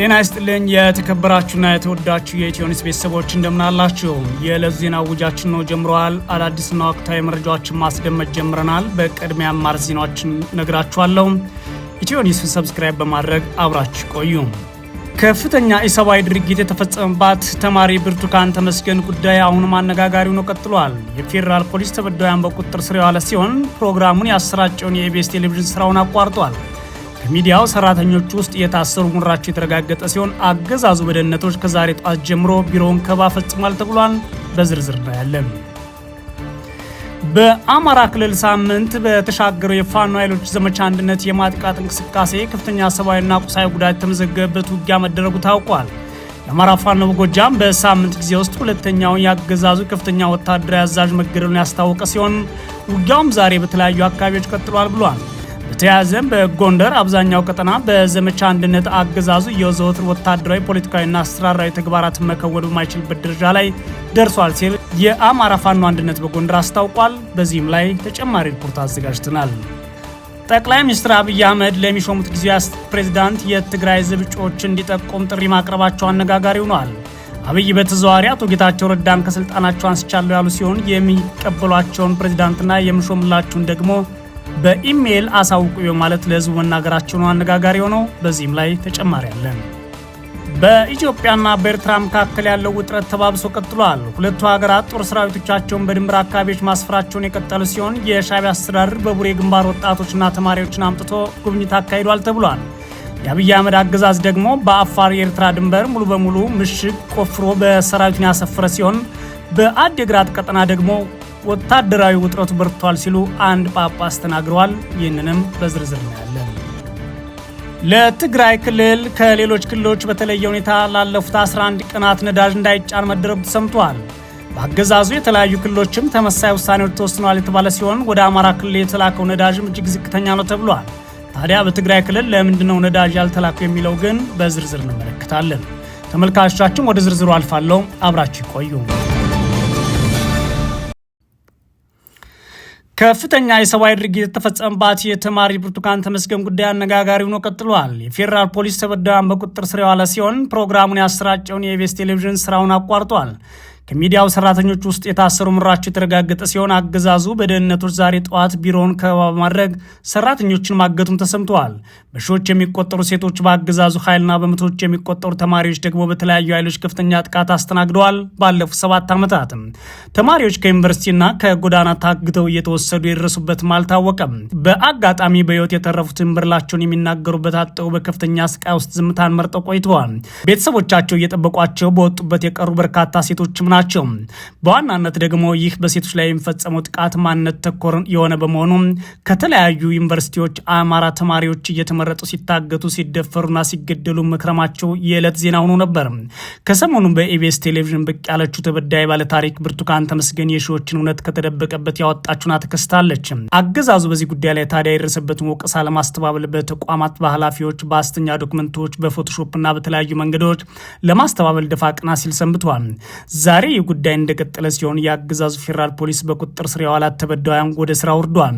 ጤና ይስጥልኝ የተከበራችሁና የተወዳችሁ የኢትዮኒስ ቤተሰቦች እንደምናላችሁ። የዕለት ዜና ውጃችን ነው ጀምረዋል። አዳዲስና ወቅታዊ መረጃዎችን ማስደመጥ ጀምረናል። በቅድሚያ አማር ዜናዎችን ነግራችኋለሁ። ኢትዮኒስን ሰብስክራይብ በማድረግ አብራችሁ ቆዩ። ከፍተኛ ኢሰብአዊ ድርጊት የተፈጸመባት ተማሪ ብርቱካን ተመስገን ጉዳይ አሁንም አነጋጋሪ ሆኖ ቀጥሏል። የፌዴራል ፖሊስ ተበዳዩን በቁጥጥር ስር የዋለ ሲሆን ፕሮግራሙን ያሰራጨውን የኢቢኤስ ቴሌቪዥን ስራውን አቋርጧል። ከሚዲያው ሰራተኞች ውስጥ የታሰሩ መኖራቸው የተረጋገጠ ሲሆን አገዛዙ በደህንነቶች ከዛሬ ጧት ጀምሮ ቢሮውን ከባ ፈጽሟል ተብሏል። በዝርዝር እናያለን። በአማራ ክልል ሳምንት በተሻገረው የፋኖ ኃይሎች ዘመቻ አንድነት የማጥቃት እንቅስቃሴ ከፍተኛ ሰብአዊና ቁሳዊ ጉዳት የተመዘገበበት ውጊያ መደረጉ ታውቋል። የአማራ ፋኖ በጎጃም በሳምንት ጊዜ ውስጥ ሁለተኛውን የአገዛዙ ከፍተኛ ወታደራዊ አዛዥ መገደሉን ያስታወቀ ሲሆን ውጊያውም ዛሬ በተለያዩ አካባቢዎች ቀጥሏል ብሏል። በተያያዘም በጎንደር አብዛኛው ቀጠና በዘመቻ አንድነት አገዛዙ የዘወትር ወታደራዊ ፖለቲካዊና አስተራራዊ ተግባራት መከወን በማይችልበት ደረጃ ላይ ደርሷል ሲል የአማራ ፋኖ አንድነት በጎንደር አስታውቋል። በዚህም ላይ ተጨማሪ ሪፖርት አዘጋጅተናል። ጠቅላይ ሚኒስትር አብይ አህመድ ለሚሾሙት ጊዜያዊ ፕሬዝዳንት የትግራይ ሕዝብ እጩዎች እንዲጠቁም ጥሪ ማቅረባቸው አነጋጋሪ ሆኗል። አብይ በተዘዋዋሪ አቶ ጌታቸው ረዳን ከስልጣናቸው አንስቻለሁ ያሉ ሲሆን የሚቀበሏቸውን ፕሬዝዳንትና የምሾምላችሁን ደግሞ በኢሜይል አሳውቁ ማለት ለህዝቡ መናገራቸው ነው አነጋጋሪ ሆነው። በዚህም ላይ ተጨማሪ አለን። በኢትዮጵያና በኤርትራ መካከል ያለው ውጥረት ተባብሶ ቀጥሏል። ሁለቱ ሀገራት ጦር ሰራዊቶቻቸውን በድንበር አካባቢዎች ማስፈራቸውን የቀጠሉ ሲሆን የሻቢያ አስተዳደር በቡሬ ግንባር ወጣቶችና ተማሪዎችን አምጥቶ ጉብኝት አካሂዷል ተብሏል። የአብይ አህመድ አገዛዝ ደግሞ በአፋር የኤርትራ ድንበር ሙሉ በሙሉ ምሽግ ቆፍሮ በሰራዊቱን ያሰፈረ ሲሆን በአድግራት ቀጠና ደግሞ ወታደራዊ ውጥረቱ በርቷል ሲሉ አንድ ጳጳስ ተናግረዋል። ይህንንም በዝርዝር እናያለን። ለትግራይ ክልል ከሌሎች ክልሎች በተለየ ሁኔታ ላለፉት 11 ቀናት ነዳጅ እንዳይጫን መደረጉ ተሰምቷል። በአገዛዙ የተለያዩ ክልሎችም ተመሳይ ውሳኔዎች ተወስነዋል የተባለ ሲሆን ወደ አማራ ክልል የተላከው ነዳጅም እጅግ ዝቅተኛ ነው ተብሏል። ታዲያ በትግራይ ክልል ለምንድነው ነዳጅ ያልተላኩ የሚለው ግን በዝርዝር እንመለከታለን። ተመልካቾቻችን ወደ ዝርዝሩ አልፋለሁ፣ አብራችሁ ይቆዩ። ከፍተኛ የሰብአዊ ድርጊት የተፈጸመባት የተማሪ ብርቱካን ተመስገን ጉዳይ አነጋጋሪ ሆኖ ቀጥሏል። የፌዴራል ፖሊስ ተበዳዩን በቁጥጥር ስር የዋለ ሲሆን ፕሮግራሙን ያሰራጨውን የኢቢኤስ ቴሌቪዥን ስራውን አቋርጧል። ከሚዲያው ሰራተኞች ውስጥ የታሰሩ ምራቸው የተረጋገጠ ሲሆን አገዛዙ በደህንነቶች ዛሬ ጠዋት ቢሮውን ከበባ በማድረግ ሰራተኞችን ማገቱም ተሰምተዋል። በሺዎች የሚቆጠሩ ሴቶች በአገዛዙ ኃይልና በመቶዎች የሚቆጠሩ ተማሪዎች ደግሞ በተለያዩ ኃይሎች ከፍተኛ ጥቃት አስተናግደዋል። ባለፉት ሰባት ዓመታት ተማሪዎች ከዩኒቨርሲቲና ከጎዳና ታግተው እየተወሰዱ የደረሱበትም አልታወቀም። በአጋጣሚ በህይወት የተረፉትን ብርላቸውን የሚናገሩበት አጠው በከፍተኛ ስቃይ ውስጥ ዝምታን መርጠው ቆይተዋል። ቤተሰቦቻቸው እየጠበቋቸው በወጡበት የቀሩ በርካታ ሴቶችም ናቸው። በዋናነት ደግሞ ይህ በሴቶች ላይ የሚፈጸመው ጥቃት ማንነት ተኮር የሆነ በመሆኑ ከተለያዩ ዩኒቨርሲቲዎች አማራ ተማሪዎች እየተመረጡ ሲታገቱ፣ ሲደፈሩና ሲገደሉ መክረማቸው የዕለት ዜና ሆኖ ነበር። ከሰሞኑ በኢቢኤስ ቴሌቪዥን ብቅ ያለችው ተበዳይ ባለታሪክ ብርቱካን ተመስገን የሺዎችን እውነት ከተደበቀበት ያወጣችሁና ተከስታለች። አገዛዙ በዚህ ጉዳይ ላይ ታዲያ የደረሰበትን ወቀሳ ለማስተባበል በተቋማት በኃላፊዎች፣ በአስተኛ ዶክመንቶች፣ በፎቶሾፕና በተለያዩ መንገዶች ለማስተባበል ደፋ ቀና ሲል ሰንብቷል። ዛሬ ዛሬ ይህ ጉዳይ እንደቀጠለ ሲሆን የአገዛዙ ፌዴራል ፖሊስ በቁጥጥር ስር የዋላት ተበዳያን ወደ ስራ ወርዷል።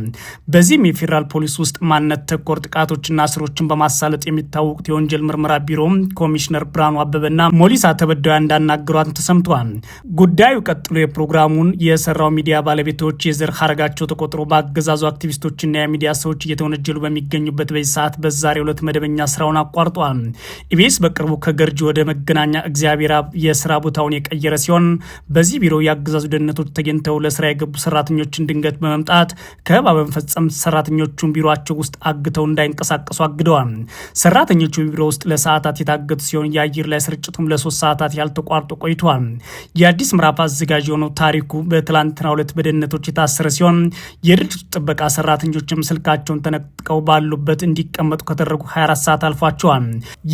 በዚህም የፌዴራል ፖሊስ ውስጥ ማንነት ተኮር ጥቃቶችና ስሮችን በማሳለጥ የሚታወቁት የወንጀል ምርመራ ቢሮ ኮሚሽነር ብርሃኑ አበበና ሞሊሳ ተበዳያን እንዳናገሯት ተሰምቷል። ጉዳዩ ቀጥሎ የፕሮግራሙን የሰራው ሚዲያ ባለቤቶች የዘር ሀረጋቸው ተቆጥሮ በአገዛዙ አክቲቪስቶችና የሚዲያ ሰዎች እየተወነጀሉ በሚገኙበት በዚህ ሰዓት በዛሬው ዕለት መደበኛ ስራውን አቋርጧል። ኢቢኤስ በቅርቡ ከገርጂ ወደ መገናኛ እግዚአብሔር የስራ ቦታውን የቀየረ ሲሆን በዚህ ቢሮ የአገዛዙ ደህንነቶች ተገኝተው ለስራ የገቡ ሰራተኞችን ድንገት በመምጣት ከበባ በመፈጸም ሰራተኞቹን ቢሮቸው ውስጥ አግተው እንዳይንቀሳቀሱ አግደዋል። ሰራተኞቹ ቢሮ ውስጥ ለሰዓታት የታገቱ ሲሆን የአየር ላይ ስርጭቱም ለሶስት ሰዓታት ያልተቋርጦ ቆይቷል። የአዲስ ምዕራፍ አዘጋጅ የሆነው ታሪኩ በትላንትና ሁለት በደህንነቶች የታሰረ ሲሆን የድርጅቱ ጥበቃ ሰራተኞችም ስልካቸውን ተነጥቀው ባሉበት እንዲቀመጡ ከተደረጉ 24 ሰዓት አልፏቸዋል።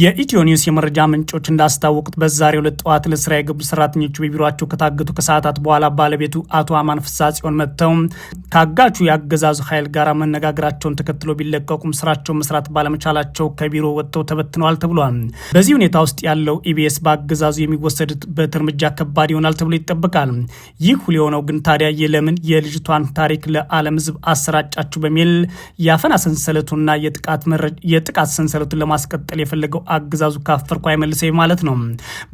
የኢትዮ ኒውስ የመረጃ ምንጮች እንዳስታወቁት በዛሬ ሁለት ጠዋት ለስራ የገቡ ሰራተኞቹ በቢሮ በመኖራቸው ከታገቱ ከሰዓታት በኋላ ባለቤቱ አቶ አማን ፍሳ ጽዮን መጥተው ከአጋቹ የአገዛዙ ኃይል ጋር መነጋገራቸውን ተከትሎ ቢለቀቁም ስራቸው መስራት ባለመቻላቸው ከቢሮ ወጥተው ተበትነዋል ተብሏል። በዚህ ሁኔታ ውስጥ ያለው ኢቢኤስ በአገዛዙ የሚወሰድበት እርምጃ ከባድ ይሆናል ተብሎ ይጠበቃል። ይህ ሁሉ የሆነው ግን ታዲያ የለምን የልጅቷን ታሪክ ለዓለም ሕዝብ አሰራጫችሁ በሚል የአፈና ሰንሰለቱና የጥቃት ሰንሰለቱን ለማስቀጠል የፈለገው አገዛዙ ካፈርኩ አይመልሰኝ ማለት ነው።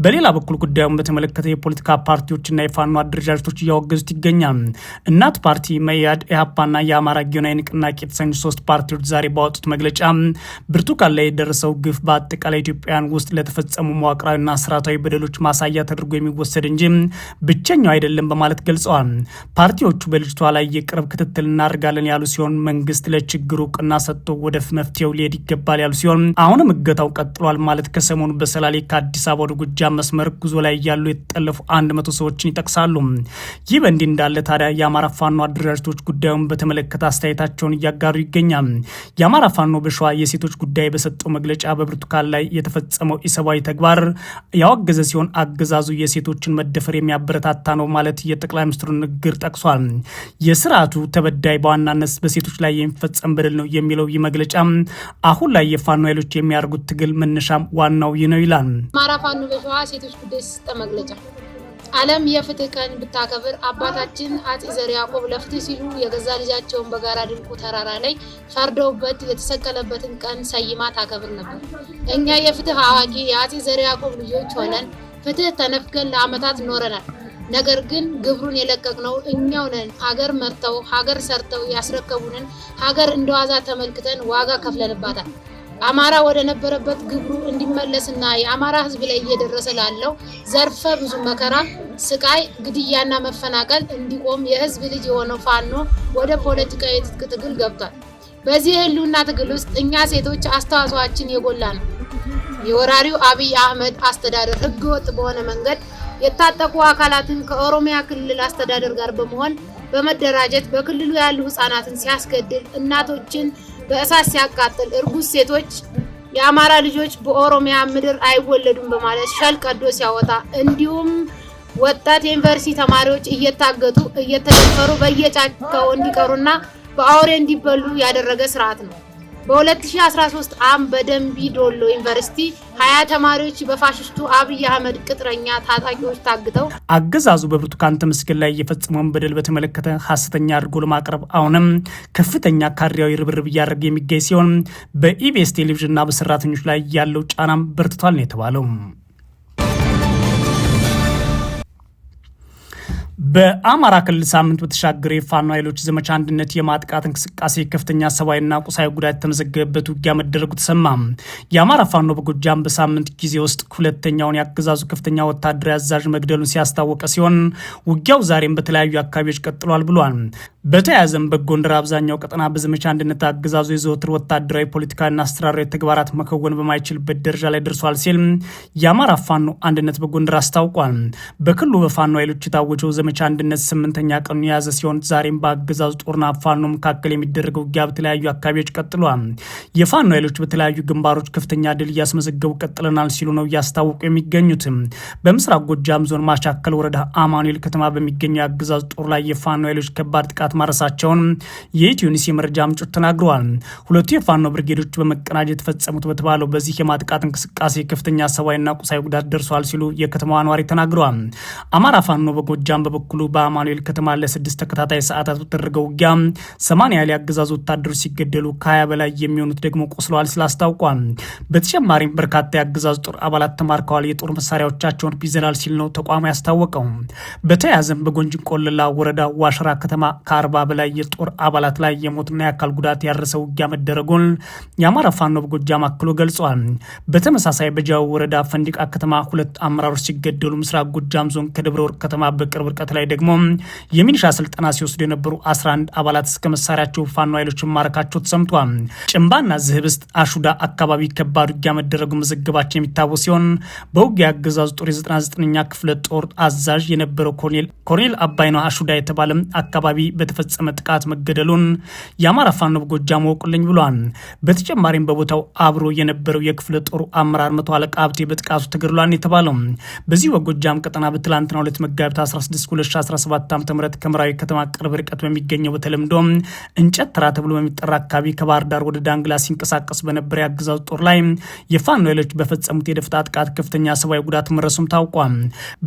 በሌላ በኩል ጉዳዩን በተመለከተ የፖለቲካ ፓርቲዎችና የፋኖ አደረጃጀቶች እያወገዙት ይገኛል። እናት ፓርቲ፣ መያድ፣ ኢህአፓና የአማራ ጊዮናዊ ንቅናቄ የተሰኙ ሶስት ፓርቲዎች ዛሬ ባወጡት መግለጫ ብርቱካን ላይ የደረሰው ግፍ በአጠቃላይ ኢትዮጵያውያን ውስጥ ለተፈጸሙ መዋቅራዊና ስርዓታዊ በደሎች ማሳያ ተደርጎ የሚወሰድ እንጂ ብቸኛው አይደለም በማለት ገልጸዋል። ፓርቲዎቹ በልጅቷ ላይ የቅርብ ክትትል እናደርጋለን ያሉ ሲሆን መንግስት ለችግሩ እውቅና ሰጥቶ ወደ መፍትሄው ሊሄድ ይገባል ያሉ ሲሆን አሁንም እገታው ቀጥሏል ማለት ከሰሞኑ በሰላሌ ከአዲስ አበባ ወደ ጎጃም መስመር ጉዞ ላይ ያሉ የተጠለፉ አንድ 100 ሰዎችን ይጠቅሳሉ። ይህ በእንዲህ እንዳለ ታዲያ የአማራ ፋኖ አደራጅቶች ጉዳዩን በተመለከተ አስተያየታቸውን እያጋሩ ይገኛል። የአማራ ፋኖ በሸዋ የሴቶች ጉዳይ በሰጠው መግለጫ በብርቱካን ላይ የተፈጸመው ኢሰብአዊ ተግባር ያወገዘ ሲሆን አገዛዙ የሴቶችን መደፈር የሚያበረታታ ነው ማለት የጠቅላይ ሚኒስትሩ ንግግር ጠቅሷል። የስርዓቱ ተበዳይ በዋናነት በሴቶች ላይ የሚፈጸም በደል ነው የሚለው ይህ መግለጫ አሁን ላይ የፋኖ ኃይሎች የሚያደርጉት ትግል መነሻም ዋናው ይህ ነው ይላል። አማራ ፋኖ በሸዋ ሴቶች ጉዳይ የሰጠ መግለጫ ዓለም የፍትህ ቀን ብታከብር አባታችን አጼ ዘር ያዕቆብ ለፍትህ ሲሉ የገዛ ልጃቸውን በጋራ ድንቁ ተራራ ላይ ፈርደውበት የተሰቀለበትን ቀን ሰይማ ታከብር ነበር። እኛ የፍትህ አዋቂ የአጼ ዘር ያዕቆብ ልጆች ሆነን ፍትህ ተነፍገን ለአመታት ኖረናል። ነገር ግን ግብሩን የለቀቅነው እኛው ነን። ሀገር መርተው ሀገር ሰርተው ያስረከቡንን ሀገር እንደዋዛ ተመልክተን ዋጋ ከፍለንባታል። አማራ ወደ ነበረበት ግብሩ እንዲመለስና የአማራ ህዝብ ላይ እየደረሰ ላለው ዘርፈ ብዙ መከራ፣ ስቃይ፣ ግድያና መፈናቀል እንዲቆም የሕዝብ ልጅ የሆነው ፋኖ ወደ ፖለቲካዊ የትጥቅ ትግል ገብቷል። በዚህ የህልውና ትግል ውስጥ እኛ ሴቶች አስተዋጽኦአችን የጎላ ነው። የወራሪው አብይ አህመድ አስተዳደር ወጥ በሆነ መንገድ የታጠቁ አካላትን ከኦሮሚያ ክልል አስተዳደር ጋር በመሆን በመደራጀት በክልሉ ያሉ ህጻናትን ሲያስገድል እናቶችን በእሳት ሲያቃጥል እርጉዝ ሴቶች የአማራ ልጆች በኦሮሚያ ምድር አይወለዱም በማለት ሸልቀዶ ሲያወጣ እንዲሁም ወጣት የዩኒቨርሲቲ ተማሪዎች እየታገቱ እየተደፈሩ በየጫካው እንዲቀሩና በአውሬ እንዲበሉ ያደረገ ስርዓት ነው። በ2013 ዓ.ም በደንቢ ዶሎ ዩኒቨርሲቲ ሀያ ተማሪዎች በፋሽስቱ አብይ አህመድ ቅጥረኛ ታጣቂዎች ታግተው አገዛዙ በብርቱካን ተመስገን ላይ የፈጸመውን በደል በተመለከተ ሀሰተኛ አድርጎ ለማቅረብ አሁንም ከፍተኛ ካድሬያዊ ርብርብ እያደረገ የሚገኝ ሲሆን በኢቢኤስ ቴሌቪዥንና በሰራተኞች ላይ ያለው ጫናም በርትቷል ነው የተባለው። በአማራ ክልል ሳምንት በተሻገረ የፋኖ ኃይሎች ዘመቻ አንድነት የማጥቃት እንቅስቃሴ ከፍተኛ ሰብአዊና ቁሳዊ ጉዳት የተመዘገበበት ውጊያ መደረጉ ተሰማ። የአማራ ፋኖ በጎጃም በሳምንት ጊዜ ውስጥ ሁለተኛውን ያገዛዙ ከፍተኛ ወታደራዊ አዛዥ መግደሉን ሲያስታወቀ ሲሆን ውጊያው ዛሬም በተለያዩ አካባቢዎች ቀጥሏል ብሏል። በተያያዘም በጎንደር አብዛኛው ቀጠና በዘመቻ አንድነት አገዛዙ የዘወትር ወታደራዊ፣ ፖለቲካዊና አስተራራዊ ተግባራት መከወን በማይችልበት ደረጃ ላይ ደርሷል ሲል የአማራ ፋኖ አንድነት በጎንደር አስታውቋል። በክልሉ በፋኖ ኃይሎች የታወጀው ዘመቻ አንድነት ስምንተኛ ቀኑን የያዘ ሲሆን ዛሬም በአገዛዙ ጦርና ፋኖ መካከል የሚደረገው ውጊያ በተለያዩ አካባቢዎች ቀጥሏል። የፋኖ ኃይሎች በተለያዩ ግንባሮች ከፍተኛ ድል እያስመዘገቡ ቀጥለናል ሲሉ ነው እያስታወቁ የሚገኙትም። በምስራቅ ጎጃም ዞን ማሻከል ወረዳ አማኑኤል ከተማ በሚገኘው የአገዛዝ ጦር ላይ የፋኖ ኃይሎች ከባድ ጥቃት ማድረሳቸውን የኢትዮኒስ የመረጃ ምንጮች ተናግረዋል። ሁለቱ የፋኖ ብርጌዶች በመቀናጀት የተፈጸሙት በተባለው በዚህ የማጥቃት እንቅስቃሴ ከፍተኛ ሰብአዊና ቁሳዊ ጉዳት ደርሷል ሲሉ የከተማዋ ነዋሪ ተናግረዋል። አማራ ፋኖ በጎጃም በበ በበኩሉ በአማኑኤል ከተማ ለስድስት ተከታታይ ሰዓታት በተደረገው ውጊያ ሰማንያ ያህል የአገዛዙ ወታደሮች ሲገደሉ ከሀያ በላይ የሚሆኑት ደግሞ ቆስለዋል ሲል አስታውቋል። በተጨማሪም በርካታ የአገዛዙ ጦር አባላት ተማርከዋል፣ የጦር መሳሪያዎቻቸውን ይዘናል ሲል ነው ተቋሙ ያስታወቀው። በተያያዘም በጎንጅን ቆለላ ወረዳ ዋሸራ ከተማ ከአርባ በላይ የጦር አባላት ላይ የሞትና የአካል ጉዳት ያደረሰ ውጊያ መደረጉን የአማራ ፋኖ በጎጃም አክሎ ገልጿል። በተመሳሳይ በጃዊ ወረዳ ፈንዲቃ ከተማ ሁለት አመራሮች ሲገደሉ ምስራቅ ጎጃም ዞን ከደብረ ወርቅ ከተማ በቅርብ ርቀት ጥቃት ላይ ደግሞ የሚኒሻ ስልጠና ሲወስዱ የነበሩ 11 አባላት እስከ መሳሪያቸው ፋኖ ኃይሎችን ማረካቸው ተሰምቷል። ጭንባና ዝህብስት አሹዳ አካባቢ ከባድ ውጊያ መደረጉ መዘገባችን የሚታወስ ሲሆን በውጊያ አገዛዙ ጦር የ99ኛ ክፍለ ጦር አዛዥ የነበረው ኮሎኔል ነው አሹዳ የተባለ አካባቢ በተፈጸመ ጥቃት መገደሉን የአማራ ፋኖ በጎጃም ወቁልኝ ብሏል። በተጨማሪም በቦታው አብሮ የነበረው የክፍለ ጦሩ አመራር መቶ አለቃ ሀብቴ በጥቃቱ ተገድሏል የተባለው በዚህ በጎጃም ቀጠና በትላንትና ሁለት መጋቢት 16 2017 ዓ.ም ከምራዊ ከተማ ቅርብ ርቀት በሚገኘው በተለምዶ እንጨት ተራ ተብሎ በሚጠራ አካባቢ ከባህር ዳር ወደ ዳንግላ ሲንቀሳቀስ በነበረ የአገዛዙ ጦር ላይ የፋኖ ኃይሎች በፈጸሙት የደፍጣ ጥቃት ከፍተኛ ሰብአዊ ጉዳት መረሱም ታውቋል።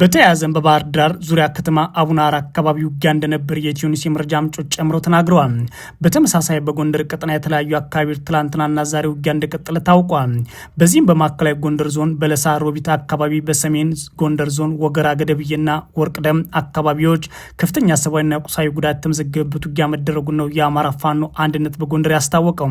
በተያያዘም በባህር ዳር ዙሪያ ከተማ አቡናር አካባቢ ውጊያ እንደነበር የኢትዮኒስ የመረጃ ምንጮች ጨምሮ ተናግረዋል። በተመሳሳይ በጎንደር ቀጠና የተለያዩ አካባቢዎች ትላንትናና ዛሬ ውጊያ እንደቀጠለ ታውቋል። በዚህም በማዕከላዊ ጎንደር ዞን በለሳ ሮቢት አካባቢ፣ በሰሜን ጎንደር ዞን ወገራ ገደብዬና ወርቅደም አካባቢዎች ከፍተኛ ሰብአዊና ቁሳዊ ጉዳት የተመዘገበበት ውጊያ መደረጉን ነው የአማራ ፋኖ አንድነት በጎንደር ያስታወቀው።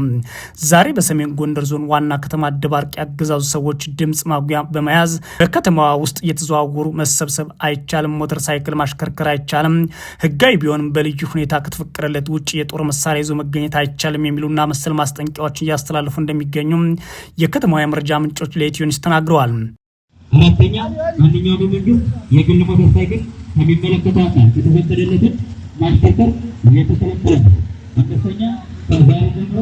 ዛሬ በሰሜን ጎንደር ዞን ዋና ከተማ ደባርቅ ያገዛዙ ሰዎች ድምፅ ማጉያ በመያዝ በከተማዋ ውስጥ እየተዘዋወሩ መሰብሰብ አይቻልም፣ ሞተር ሳይክል ማሽከርከር አይቻልም፣ ህጋዊ ቢሆንም በልዩ ሁኔታ ከተፈቀደለት ውጭ የጦር መሳሪያ ይዞ መገኘት አይቻልም የሚሉና መሰል ማስጠንቀቂያዎችን እያስተላለፉ እንደሚገኙ የከተማዋ የመረጃ ምንጮች ለኢትዮኒስ ተናግረዋል። ሁለተኛ ማንኛውም መንግስት የግል ሞተር ሳይክል ከሚመለከተው አካል ከተፈቀደለት ማሽከርከር የተከለከለ ነው። አንደኛ ከዛሬ ጀምሮ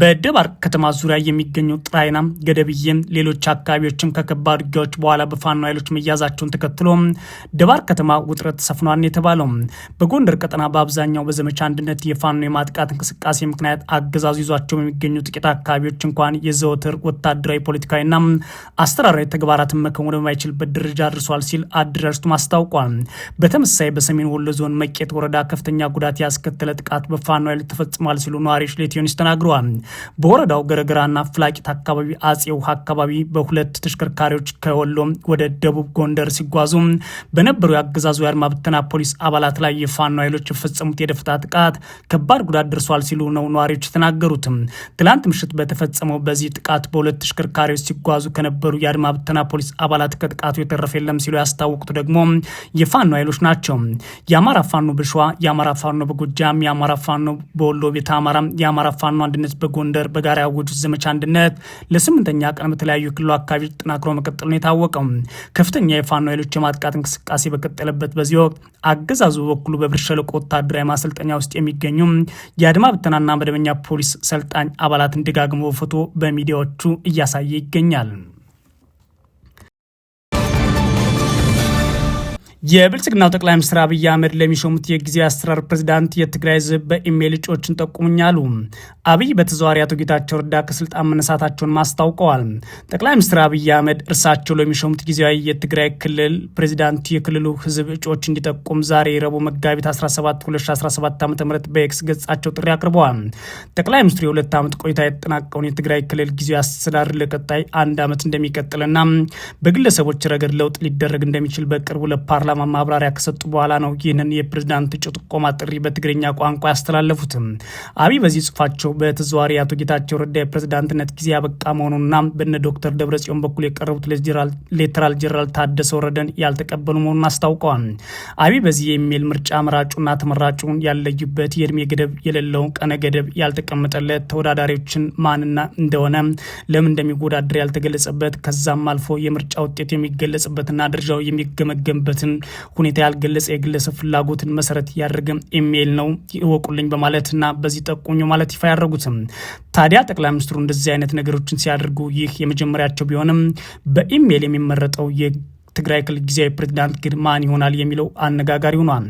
በደባርቅ ከተማ ዙሪያ የሚገኘው ጥራይና ገደብዬ ሌሎች አካባቢዎችም ከከባድ ውጊያዎች በኋላ በፋኖ ኃይሎች መያዛቸውን ተከትሎ ደባርቅ ከተማ ውጥረት ሰፍኗን የተባለው በጎንደር ቀጠና በአብዛኛው በዘመቻ አንድነት የፋኖ የማጥቃት እንቅስቃሴ ምክንያት አገዛዙ ይዟቸው የሚገኙ ጥቂት አካባቢዎች እንኳን የዘወትር ወታደራዊ ፖለቲካዊና አስተራራዊ ተግባራትን መከወን በማይችልበት ደረጃ ደርሷል ሲል አደራጅቱም አስታውቋል። በተመሳሳይ በሰሜን ወሎ ዞን መቄት ወረዳ ከፍተኛ ጉዳት ያስከተለ ጥቃት በፋኖ ኃይሎች ተፈጽሟል ሲሉ ነዋሪ ሌትዮንስ ተናግረዋል። በወረዳው ገረገራና ፍላቂት አካባቢ አጼ ውሃ አካባቢ በሁለት ተሽከርካሪዎች ከወሎ ወደ ደቡብ ጎንደር ሲጓዙ በነበሩ የአገዛዙ የአድማ ብተና ፖሊስ አባላት ላይ የፋኖ ኃይሎች የፈጸሙት የደፈጣ ጥቃት ከባድ ጉዳት ደርሷል ሲሉ ነው ነዋሪዎች የተናገሩትም። ትላንት ምሽት በተፈጸመው በዚህ ጥቃት በሁለት ተሽከርካሪዎች ሲጓዙ ከነበሩ የአድማ ብተና ፖሊስ አባላት ከጥቃቱ የተረፈ የለም ሲሉ ያስታወቁት ደግሞ የፋኖ ኃይሎች ናቸው። የአማራ ፋኖ በሸዋ፣ የአማራ ፋኖ በጎጃም፣ የአማራ ፋኖ በወሎ ቤተ አማራ፣ የአማራ ፋኖ አንድነት በጎንደር በጋራ ያወጁት ዘመቻ አንድነት ለስምንተኛ ቀን በተለያዩ ክልሉ አካባቢዎች ጠናክሮ መቀጠሉ የታወቀው። ከፍተኛ የፋኖ ኃይሎች የማጥቃት እንቅስቃሴ በቀጠለበት በዚህ ወቅት አገዛዙ በበኩሉ በብር ሸለቆ ወታደራዊ ማሰልጠኛ ውስጥ የሚገኙ የአድማ ብተናና መደበኛ ፖሊስ ሰልጣኝ አባላትን ደጋግሞ ፎቶ በሚዲያዎቹ እያሳየ ይገኛል። የብልጽግናው ጠቅላይ ሚኒስትር አብይ አህመድ ለሚሾሙት የጊዜ አሰራር ፕሬዚዳንት የትግራይ ህዝብ በኢሜይል እጩዎችን ጠቁሙኛሉ። አብይ በተዘዋሪ አቶ ጌታቸው ረዳ ከስልጣን መነሳታቸውን ማስታውቀዋል። ጠቅላይ ሚኒስትር አብይ አህመድ እርሳቸው ለሚሾሙት ጊዜያዊ የትግራይ ክልል ፕሬዚዳንት የክልሉ ህዝብ እጩዎች እንዲጠቁም ዛሬ ረቡዕ መጋቢት 17 2017 ዓ ም በኤክስ ገጻቸው ጥሪ አቅርበዋል። ጠቅላይ ሚኒስትሩ የሁለት ዓመት ቆይታ የተጠናቀውን የትግራይ ክልል ጊዜያዊ አስተዳደር ለቀጣይ አንድ ዓመት እንደሚቀጥልና በግለሰቦች ረገድ ለውጥ ሊደረግ እንደሚችል በቅርቡ ለፓርላማ ፓርላማ ማብራሪያ ከሰጡ በኋላ ነው ይህንን የፕሬዝዳንት እጩ ጥቆማ ጥሪ በትግርኛ ቋንቋ ያስተላለፉት። አብይ በዚህ ጽሁፋቸው በተዘዋዋሪ አቶ ጌታቸው ረዳ የፕሬዝዳንትነት ጊዜ ያበቃ መሆኑንና በነ ዶክተር ደብረጽዮን በኩል የቀረቡት ሌተናል ጄኔራል ታደሰ ወረደን ያልተቀበሉ መሆኑን አስታውቀዋል። አብይ በዚህ የሚል ምርጫ መራጩና ተመራጩን ያለዩበት የእድሜ ገደብ የሌለው ቀነ ገደብ ያልተቀመጠለት ተወዳዳሪዎችን ማንና እንደሆነ ለምን እንደሚወዳደር ያልተገለጸበት ከዛም አልፎ የምርጫ ውጤት የሚገለጽበትና ደረጃው የሚገመገምበትን ሁኔታ ያልገለጸ የግለሰብ ፍላጎትን መሰረት ያደረገ ኢሜይል ነው ይወቁልኝ በማለትና በዚህ ጠቁኙ ማለት ይፋ ያደረጉትም። ታዲያ ጠቅላይ ሚኒስትሩ እንደዚህ አይነት ነገሮችን ሲያደርጉ ይህ የመጀመሪያቸው ቢሆንም በኢሜይል የሚመረጠው ትግራይ ክልል ጊዜያዊ ፕሬዚዳንት ግን ማን ይሆናል የሚለው አነጋጋሪ ሆኗል።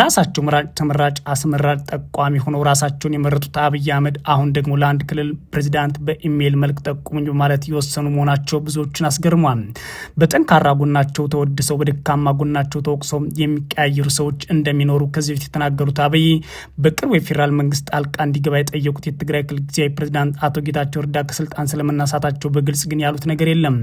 ራሳቸው ተመራጭ፣ አስመራጭ፣ ጠቋሚ ሆነው ራሳቸውን የመረጡት አብይ አህመድ አሁን ደግሞ ለአንድ ክልል ፕሬዚዳንት በኢሜይል መልክ ጠቁሙኝ በማለት የወሰኑ መሆናቸው ብዙዎችን አስገርሟል። በጠንካራ ጎናቸው ተወድሰው በደካማ ጎናቸው ተወቅሰው የሚቀያየሩ ሰዎች እንደሚኖሩ ከዚህ በፊት የተናገሩት አብይ በቅርቡ የፌዴራል መንግስት ጣልቃ እንዲገባ የጠየቁት የትግራይ ክልል ጊዜያዊ ፕሬዚዳንት አቶ ጌታቸው ረዳ ከስልጣን ስለመናሳታቸው በግልጽ ግን ያሉት ነገር የለም።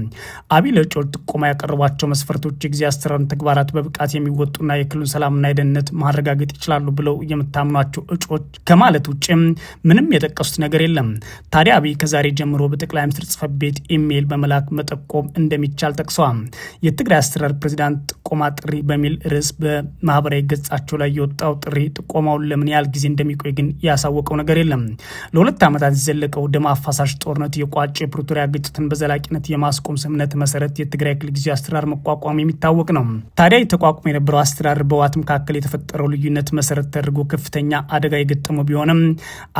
አብይ ለእጩዎች ጥቆማ ያቀረቧቸው መስፈርቶች የጊዜ አሰራርን ተግባራት በብቃት የሚወጡና የክልሉን ሰላምና የደህንነት ማረጋገጥ ይችላሉ ብለው የምታምኗቸው እጩዎች ከማለት ውጭም ምንም የጠቀሱት ነገር የለም። ታዲያ አብይ ከዛሬ ጀምሮ በጠቅላይ ሚኒስትር ጽህፈት ቤት ኢሜይል በመላክ መጠቆም እንደሚቻል ጠቅሰዋል። የትግራይ አስተዳደር ፕሬዚዳንት ጥቆማ ጥሪ በሚል ርዕስ በማህበራዊ ገጻቸው ላይ የወጣው ጥሪ ጥቆማውን ለምን ያህል ጊዜ እንደሚቆይ ግን ያሳወቀው ነገር የለም። ለሁለት ዓመታት የዘለቀው ደም አፋሳሽ ጦርነት የቋጭ የፕሪቶሪያ ግጭትን በዘላቂነት የማስቆም ስምምነት መሰረት የትግራይ ክልል ጊዜ አስተዳደር መቋ ማቋቋሙ የሚታወቅ ነው። ታዲያ የተቋቁሞ የነበረው አስተዳደር በህወሓት መካከል የተፈጠረው ልዩነት መሰረት ተደርጎ ከፍተኛ አደጋ የገጠመው ቢሆንም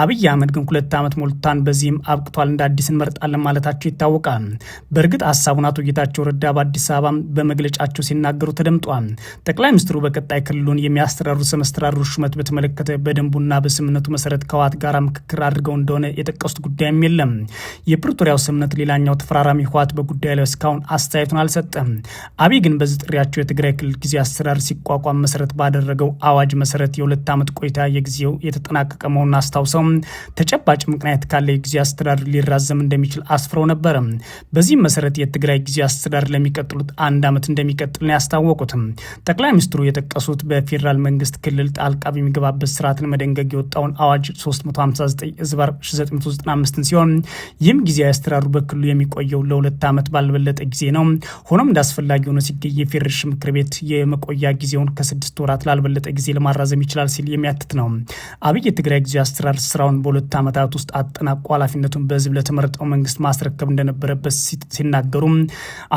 አብይ አህመድ ግን ሁለት ዓመት ሞልታን በዚህም አብቅቷል እንደ አዲስ እንመርጣለን ማለታቸው ይታወቃል። በእርግጥ ሀሳቡን አቶ ጌታቸው ረዳ በአዲስ አበባ በመግለጫቸው ሲናገሩ ተደምጧል። ጠቅላይ ሚኒስትሩ በቀጣይ ክልሉን የሚያስተዳድሩ መስተዳድሩ ሹመት በተመለከተ በደንቡና በስምምነቱ መሰረት ከህወሓት ጋር ምክክር አድርገው እንደሆነ የጠቀሱት ጉዳይም የለም። የፕሪቶሪያው ስምምነት ሌላኛው ተፈራራሚ ህወሓት በጉዳዩ ላይ እስካሁን አስተያየቱን አልሰጠም። አብይ ግን በዚህ ጥሪያቸው የትግራይ ክልል ጊዜ አሰራር ሲቋቋም መሰረት ባደረገው አዋጅ መሰረት የሁለት ዓመት ቆይታ የጊዜው የተጠናቀቀ መሆኑን አስታውሰው ተጨባጭ ምክንያት ካለ የጊዜ አስተዳደር ሊራዘም እንደሚችል አስፍረው ነበር። በዚህም መሰረት የትግራይ ጊዜ አስተዳደር ለሚቀጥሉት አንድ ዓመት እንደሚቀጥል ነው ያስታወቁት። ጠቅላይ ሚኒስትሩ የጠቀሱት በፌዴራል መንግስት ክልል ጣልቃ በሚገባበት ስርዓትን መደንገግ የወጣውን አዋጅ 359 ዝባር 1995 ሲሆን ይህም ጊዜ አስተዳደሩ በክልሉ የሚቆየው ለሁለት ዓመት ባልበለጠ ጊዜ ነው። ሆኖም እንዳስፈላጊ አስፈላጊ ሆኖ ሲገኝ የፌዴሬሽን ምክር ቤት የመቆያ ጊዜውን ከስድስት ወራት ላልበለጠ ጊዜ ለማራዘም ይችላል ሲል የሚያትት ነው። አብይ የትግራይ ጊዜ አስተዳደር ስራውን በሁለት ዓመታት ውስጥ አጠናቆ ኃላፊነቱን በህዝብ ለተመረጠው መንግስት ማስረከብ እንደነበረበት ሲናገሩም፣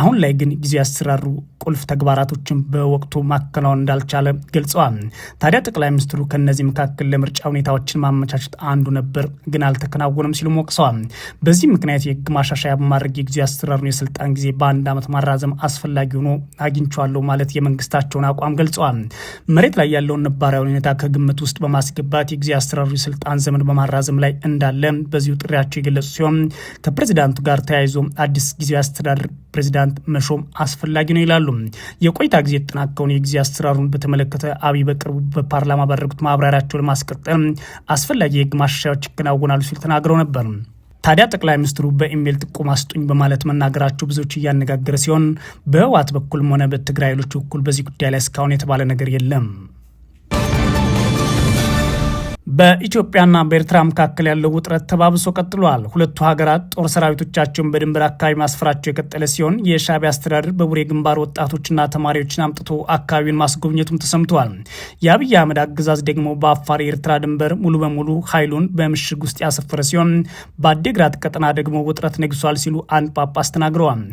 አሁን ላይ ግን ጊዜ አስተዳደሩ ቁልፍ ተግባራቶችን በወቅቱ ማከናወን እንዳልቻለ ገልጸዋል። ታዲያ ጠቅላይ ሚኒስትሩ ከእነዚህ መካከል ለምርጫ ሁኔታዎችን ማመቻቸት አንዱ ነበር፣ ግን አልተከናወነም ሲሉም ወቅሰዋል። በዚህ ምክንያት የህግ ማሻሻያ በማድረግ የጊዜ አስተራሩን የስልጣን ጊዜ በአንድ ዓመት ማራዘም አስፈላጊ ሆኖ አግኝቸዋለሁ ማለት የመንግስታቸውን አቋም ገልጸዋል። መሬት ላይ ያለውን ነባራዊ ሁኔታ ከግምት ውስጥ በማስገባት የጊዜ አስተዳደሩ ስልጣን ዘመን በማራዘም ላይ እንዳለ በዚሁ ጥሪያቸው የገለጹ ሲሆን ከፕሬዚዳንቱ ጋር ተያይዞ አዲስ ጊዜ አስተዳደር ፕሬዚዳንት መሾም አስፈላጊ ነው ይላሉ። የቆይታ ጊዜ የተጠናከውን የጊዜ አሰራሩን በተመለከተ አብይ በቅርቡ በፓርላማ ባደረጉት ማብራሪያቸው ለማስቀጠል አስፈላጊ የህግ ማሻሻያዎች ይከናወናሉ ሲል ተናግረው ነበር። ታዲያ ጠቅላይ ሚኒስትሩ በኢሜይል ጥቆማ ስጡኝ በማለት መናገራቸው ብዙዎች እያነጋገረ ሲሆን በህወሓት በኩልም ሆነ በትግራይ ኃይሎች በኩል በዚህ ጉዳይ ላይ እስካሁን የተባለ ነገር የለም። በኢትዮጵያና በኤርትራ መካከል ያለው ውጥረት ተባብሶ ቀጥሏል። ሁለቱ ሀገራት ጦር ሰራዊቶቻቸውን በድንበር አካባቢ ማስፈራቸው የቀጠለ ሲሆን የሻቢያ አስተዳደር በቡሬ ግንባር ወጣቶችና ተማሪዎችን አምጥቶ አካባቢውን ማስጎብኘቱም ተሰምተዋል። የአብይ አህመድ አገዛዝ ደግሞ በአፋር የኤርትራ ድንበር ሙሉ በሙሉ ኃይሉን በምሽግ ውስጥ ያሰፈረ ሲሆን፣ በአዴግራት ቀጠና ደግሞ ውጥረት ነግሷል ሲሉ አንድ ጳጳስ ተናግረዋል።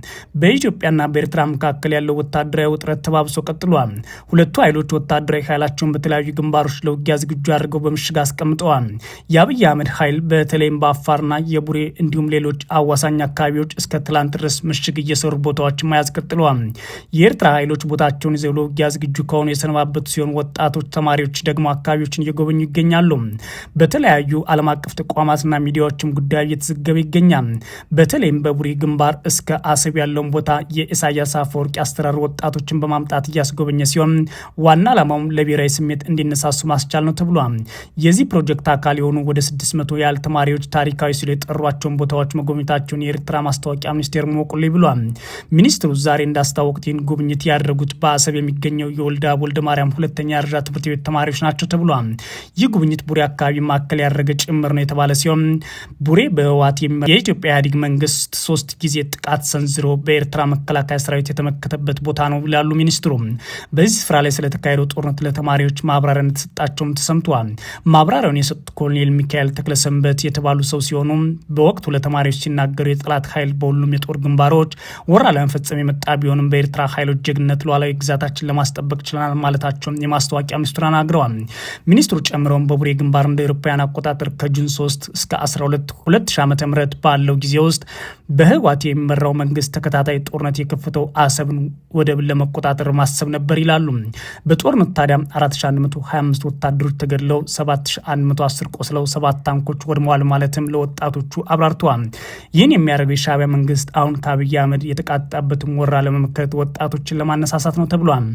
በኢትዮጵያና በኤርትራ መካከል ያለው ወታደራዊ ውጥረት ተባብሶ ቀጥሏል። ሁለቱ ኃይሎች ወታደራዊ ኃይላቸውን በተለያዩ ግንባሮች ለውጊያ ዝግጁ አድርገው በምሽግ አስቀምጠዋል። የአብይ አህመድ ኃይል በተለይም በአፋርና የቡሬ እንዲሁም ሌሎች አዋሳኝ አካባቢዎች እስከ ትላንት ድረስ ምሽግ እየሰሩ ቦታዎች መያዝ ቀጥለዋል። የኤርትራ ኃይሎች ቦታቸውን ይዘው ለውጊያ ዝግጁ ከሆኑ የሰነባበቱ ሲሆን ወጣቶች፣ ተማሪዎች ደግሞ አካባቢዎችን እየጎበኙ ይገኛሉ። በተለያዩ ዓለም አቀፍ ተቋማትና ሚዲያዎችም ጉዳዩ እየተዘገበ ይገኛል። በተለይም በቡሬ ግንባር እስከ አሰብ ያለውን ቦታ የኢሳያስ አፈወርቂ አስተራር ወጣቶችን በማምጣት እያስጎበኘ ሲሆን ዋና ዓላማውም ለብሔራዊ ስሜት እንዲነሳሱ ማስቻል ነው ተብሏል። የዚህ ፕሮጀክት አካል የሆኑ ወደ 600 ያህል ተማሪዎች ታሪካዊ ሲሉ የጠሯቸውን ቦታዎች መጎብኘታቸውን የኤርትራ ማስታወቂያ ሚኒስቴር ሞቁሌ ብሏል። ሚኒስትሩ ዛሬ እንዳስታወቁት ይህን ጉብኝት ያደረጉት በአሰብ የሚገኘው የወልዳ ወልደ ማርያም ሁለተኛ ደረጃ ትምህርት ቤት ተማሪዎች ናቸው ተብሏል። ይህ ጉብኝት ቡሬ አካባቢ ማዕከል ያደረገ ጭምር ነው የተባለ ሲሆን ቡሬ በህወሓት የኢትዮጵያ ኢህአዴግ መንግስት ሶስት ጊዜ ጥቃት ሰንዝሮ በኤርትራ መከላከያ ሰራዊት የተመከተበት ቦታ ነው ይላሉ ሚኒስትሩ። በዚህ ስፍራ ላይ ስለተካሄደው ጦርነት ለተማሪዎች ማብራሪያ እንደተሰጣቸውም ተሰምተዋል። ማብራሪያውን የሰጡት ኮሎኔል ሚካኤል ተክለሰንበት የተባሉ ሰው ሲሆኑ በወቅቱ ለተማሪዎች ሲናገሩ የጠላት ኃይል በሁሉም የጦር ግንባሮች ወራ ለመፈጸም የመጣ ቢሆንም በኤርትራ ኃይሎች ጀግነት ሉዓላዊ ግዛታችን ለማስጠበቅ ችለናል ማለታቸውን የማስታወቂያ ሚኒስትሩ ተናግረዋል። ሚኒስትሩ ጨምረውም በቡሬ ግንባር እንደ ኤሮፓውያን አቆጣጠር ከጁን 3 እስከ 12 2000 ዓ ም ባለው ጊዜ ውስጥ በህወሓት የሚመራው መንግስት ተከታታይ ጦርነት የከፈተው አሰብን ወደብን ለመቆጣጠር ማሰብ ነበር ይላሉ። በጦርነት ታዲያ 4125 ወታደሮች ተገድለው 7 2110 ቆስለው ሰባት ታንኮች ወድመዋል ማለትም ለወጣቶቹ አብራርተዋል። ይህን የሚያደርገው የሻቢያ መንግስት አሁን ከአብይ አህመድ የተቃጣበትን ወራ ለመመከት ወጣቶችን ለማነሳሳት ነው ተብሏል።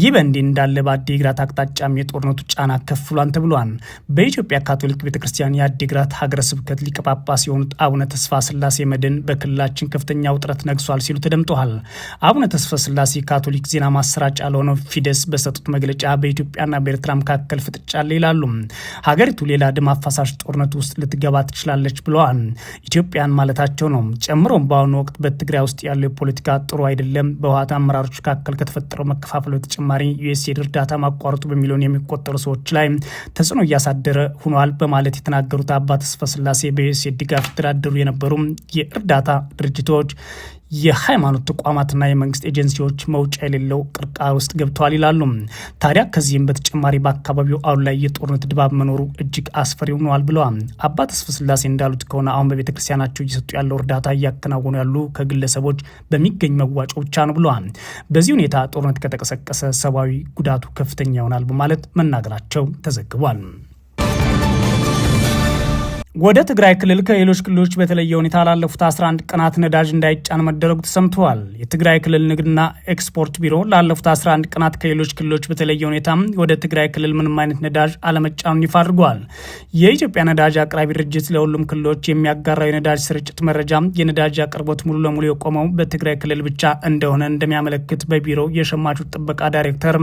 ይህ በእንዲህ እንዳለ በአዲግራት አቅጣጫም የጦርነቱ ጫና ከፍሏን ተብሏል። በኢትዮጵያ ካቶሊክ ቤተ ክርስቲያን የአዲግራት ሀገረ ስብከት ሊቀ ጳጳስ የሆኑት አቡነ ተስፋ ስላሴ መድን በክልላችን ከፍተኛ ውጥረት ነግሷል ሲሉ ተደምጠዋል። አቡነ ተስፋ ስላሴ ካቶሊክ ዜና ማሰራጫ ለሆነው ፊደስ በሰጡት መግለጫ በኢትዮጵያና በኤርትራ መካከል ፍጥጫ አለ ይላሉ። ሀገሪቱ ሌላ ደም አፋሳሽ ጦርነት ውስጥ ልትገባ ትችላለች ብለዋል። ኢትዮጵያን ማለታቸው ነው። ጨምሮም በአሁኑ ወቅት በትግራይ ውስጥ ያለው የፖለቲካ ጥሩ አይደለም። በህወሓት አመራሮች መካከል ከተፈጠረው መከፋ ከፍሎ ተጨማሪ ዩኤስኤድ እርዳታ ማቋረጡ በሚሊዮን የሚቆጠሩ ሰዎች ላይ ተጽዕኖ እያሳደረ ሆኗል በማለት የተናገሩት አባ ተስፋ ስላሴ በዩኤስኤድ ድጋፍ ይተዳደሩ የነበሩ የእርዳታ ድርጅቶች የሃይማኖት ተቋማትና የመንግስት ኤጀንሲዎች መውጫ የሌለው ቅርቃር ውስጥ ገብተዋል ይላሉ። ታዲያ ከዚህም በተጨማሪ በአካባቢው አሁን ላይ የጦርነት ድባብ መኖሩ እጅግ አስፈሪ ሆኗል ብለዋል። አባት ተስፋ ስላሴ እንዳሉት ከሆነ አሁን በቤተ ክርስቲያናቸው እየሰጡ ያለው እርዳታ እያከናወኑ ያሉ ከግለሰቦች በሚገኝ መዋጮ ብቻ ነው ብለዋል። በዚህ ሁኔታ ጦርነት ከተቀሰቀሰ ሰብአዊ ጉዳቱ ከፍተኛ ይሆናል በማለት መናገራቸው ተዘግቧል። ወደ ትግራይ ክልል ከሌሎች ክልሎች በተለየ ሁኔታ ላለፉት 11 ቀናት ነዳጅ እንዳይጫን መደረጉ ተሰምተዋል። የትግራይ ክልል ንግድና ኤክስፖርት ቢሮ ላለፉት 11 ቀናት ከሌሎች ክልሎች በተለየ ሁኔታ ወደ ትግራይ ክልል ምንም አይነት ነዳጅ አለመጫኑን ይፋ አድርጓል። የኢትዮጵያ ነዳጅ አቅራቢ ድርጅት ለሁሉም ክልሎች የሚያጋራው የነዳጅ ስርጭት መረጃ የነዳጅ አቅርቦት ሙሉ ለሙሉ የቆመው በትግራይ ክልል ብቻ እንደሆነ እንደሚያመለክት በቢሮው የሸማቾች ጥበቃ ዳይሬክተር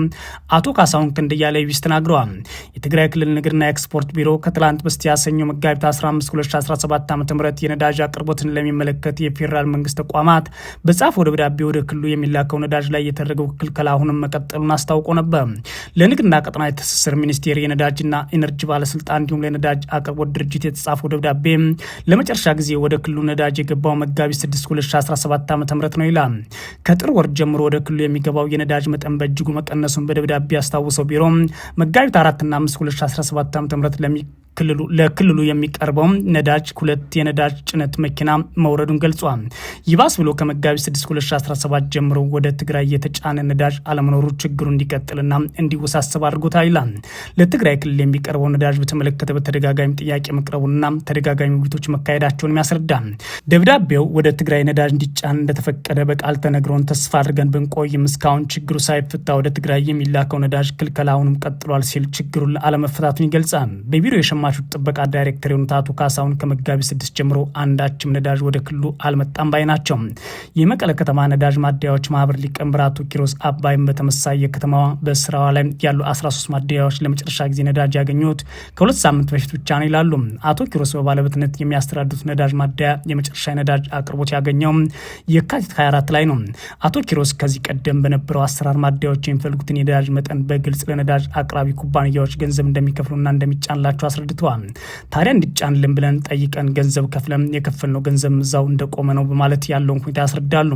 አቶ ካሳሁን ክንድያ ለቢስ ተናግረዋል። የትግራይ ክልል ንግድና ኤክስፖርት ቢሮ ከትላንት በስቲያ ሰኞ መጋቢት 2017 ዓ ም የነዳጅ አቅርቦትን ለሚመለከት የፌዴራል መንግስት ተቋማት በጻፈው ደብዳቤ ወደ ክልሉ የሚላከው ነዳጅ ላይ የተደረገው ክልከላ አሁንም መቀጠሉን አስታውቆ ነበር። ለንግድና ቀጠናዊ ትስስር ሚኒስቴር የነዳጅና ኤነርጂ ባለስልጣን እንዲሁም ለነዳጅ አቅርቦት ድርጅት የተጻፈው ደብዳቤ ለመጨረሻ ጊዜ ወደ ክልሉ ነዳጅ የገባው መጋቢት 6 2017 ዓ ም ነው ይላል። ከጥር ወር ጀምሮ ወደ ክልሉ የሚገባው የነዳጅ መጠን በእጅጉ መቀነሱን በደብዳቤ ያስታውሰው ቢሮ መጋቢት 4ና 5 2017 ዓ ም ለሚ ለክልሉ የሚቀርበው ነዳጅ ሁለት የነዳጅ ጭነት መኪና መውረዱን ገልጿል። ይባስ ብሎ ከመጋቢት 6 2017 ጀምሮ ወደ ትግራይ የተጫነ ነዳጅ አለመኖሩ ችግሩ እንዲቀጥልና እንዲወሳሰብ አድርጎታ ይላል። ለትግራይ ክልል የሚቀርበው ነዳጅ በተመለከተ በተደጋጋሚ ጥያቄ መቅረቡንና ተደጋጋሚ ውይይቶች መካሄዳቸውን የሚያስረዳ ደብዳቤው ወደ ትግራይ ነዳጅ እንዲጫን እንደተፈቀደ በቃል ተነግሮን ተስፋ አድርገን ብንቆይም እስካሁን ችግሩ ሳይፈታ ወደ ትግራይ የሚላከው ነዳጅ ክልከላውንም ቀጥሏል ሲል ችግሩን አለመፈታቱን ይገልጻል። በቢሮ የሸማ የግማሹ ጥበቃ ዳይሬክተር የሆኑት አቶ ካሳሁን ከመጋቢት ስድስት ጀምሮ አንዳችም ነዳጅ ወደ ክልሉ አልመጣም ባይ ናቸው። የመቀለ ከተማ ነዳጅ ማደያዎች ማህበር ሊቀመንበር አቶ ኪሮስ አባይም በተመሳይ የከተማዋ በስራዋ ላይ ያሉ 13 ማደያዎች ለመጨረሻ ጊዜ ነዳጅ ያገኙት ከሁለት ሳምንት በፊት ብቻ ነው ይላሉ። አቶ ኪሮስ በባለቤትነት የሚያስተዳድሩት ነዳጅ ማደያ የመጨረሻ ነዳጅ አቅርቦት ያገኘው የካቲት 24 ላይ ነው። አቶ ኪሮስ ከዚህ ቀደም በነበረው አሰራር ማደያዎች የሚፈልጉትን የነዳጅ መጠን በግልጽ ለነዳጅ አቅራቢ ኩባንያዎች ገንዘብ እንደሚከፍሉና እንደሚጫንላቸው አስረድተዋል። አመልክተዋል። ታዲያ እንዲጫንልን ብለን ጠይቀን ገንዘብ ከፍለን የከፈልነው ገንዘብ እዛው እንደቆመ ነው በማለት ያለውን ሁኔታ ያስረዳሉ።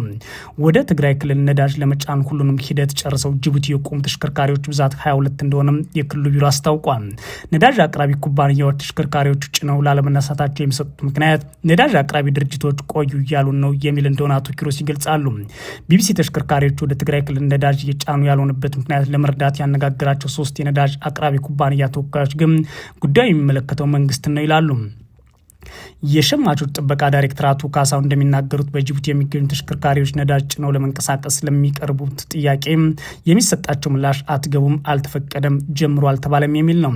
ወደ ትግራይ ክልል ነዳጅ ለመጫን ሁሉንም ሂደት ጨርሰው ጅቡቲ የቆሙ ተሽከርካሪዎች ብዛት 22 እንደሆነም የክልሉ ቢሮ አስታውቋል። ነዳጅ አቅራቢ ኩባንያዎች ተሽከርካሪዎች ጭነው ላለመነሳታቸው የሚሰጡት ምክንያት ነዳጅ አቅራቢ ድርጅቶች ቆዩ እያሉን ነው የሚል እንደሆነ አቶ ኪሮስ ይገልጻሉ። ቢቢሲ ተሽከርካሪዎች ወደ ትግራይ ክልል ነዳጅ እየጫኑ ያልሆነበት ምክንያት ለመረዳት ያነጋገራቸው ሶስት የነዳጅ አቅራቢ ኩባንያ ተወካዮች ግን ጉዳዩ የሚመለከተው መንግስት ነው ይላሉ። የሸማቾች ጥበቃ ዳይሬክተር አቶ ካሳው እንደሚናገሩት በጅቡቲ የሚገኙ ተሽከርካሪዎች ነዳጅ ጭነው ለመንቀሳቀስ ስለሚቀርቡት ጥያቄ የሚሰጣቸው ምላሽ አትገቡም፣ አልተፈቀደም፣ ጀምሮ አልተባለም የሚል ነው።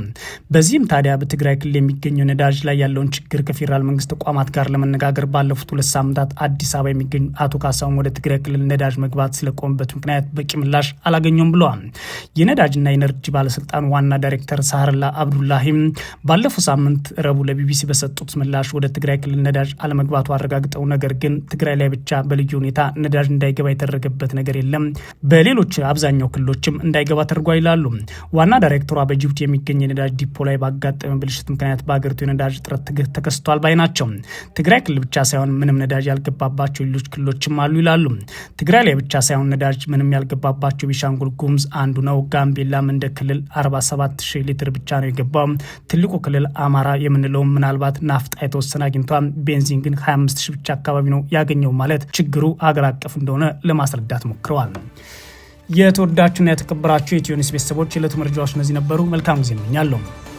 በዚህም ታዲያ በትግራይ ክልል የሚገኘው ነዳጅ ላይ ያለውን ችግር ከፌዴራል መንግስት ተቋማት ጋር ለመነጋገር ባለፉት ሁለት ሳምንታት አዲስ አበባ የሚገኙ አቶ ካሳውም ወደ ትግራይ ክልል ነዳጅ መግባት ስለቆመበት ምክንያት በቂ ምላሽ አላገኘውም ብለዋል። የነዳጅና ኢነርጂ ባለስልጣን ዋና ዳይሬክተር ሳህርላ አብዱላሂም ባለፈው ሳምንት ረቡዕ ለቢቢሲ በሰጡት ምላሽ ምላሽ ወደ ትግራይ ክልል ነዳጅ አለመግባቱ አረጋግጠው፣ ነገር ግን ትግራይ ላይ ብቻ በልዩ ሁኔታ ነዳጅ እንዳይገባ የተደረገበት ነገር የለም፣ በሌሎች አብዛኛው ክልሎችም እንዳይገባ ተደርጓል ይላሉ። ዋና ዳይሬክተሯ በጅቡቲ የሚገኝ የነዳጅ ዲፖ ላይ ባጋጠመ ብልሽት ምክንያት በሀገሪቱ የነዳጅ እጥረት ተከስቷል ባይ ናቸው። ትግራይ ክልል ብቻ ሳይሆን ምንም ነዳጅ ያልገባባቸው ሌሎች ክልሎችም አሉ ይላሉ። ትግራይ ላይ ብቻ ሳይሆን ነዳጅ ምንም ያልገባባቸው ቢሻንጉል ጉሙዝ አንዱ ነው። ጋምቤላም እንደ ክልል 47 ሺህ ሊትር ብቻ ነው የገባው። ትልቁ ክልል አማራ የምንለው ምናልባት ናፍጣ የተወሰነ አግኝቷ ቤንዚን ግን 25 ሺ ብቻ አካባቢ ነው ያገኘው። ማለት ችግሩ አገር አቀፍ እንደሆነ ለማስረዳት ሞክረዋል። የተወዳችሁና የተከበራችሁ የኢትዮኒውስ ቤተሰቦች የዕለቱ መረጃዎች እነዚህ ነበሩ። መልካም ጊዜ እመኛለሁ።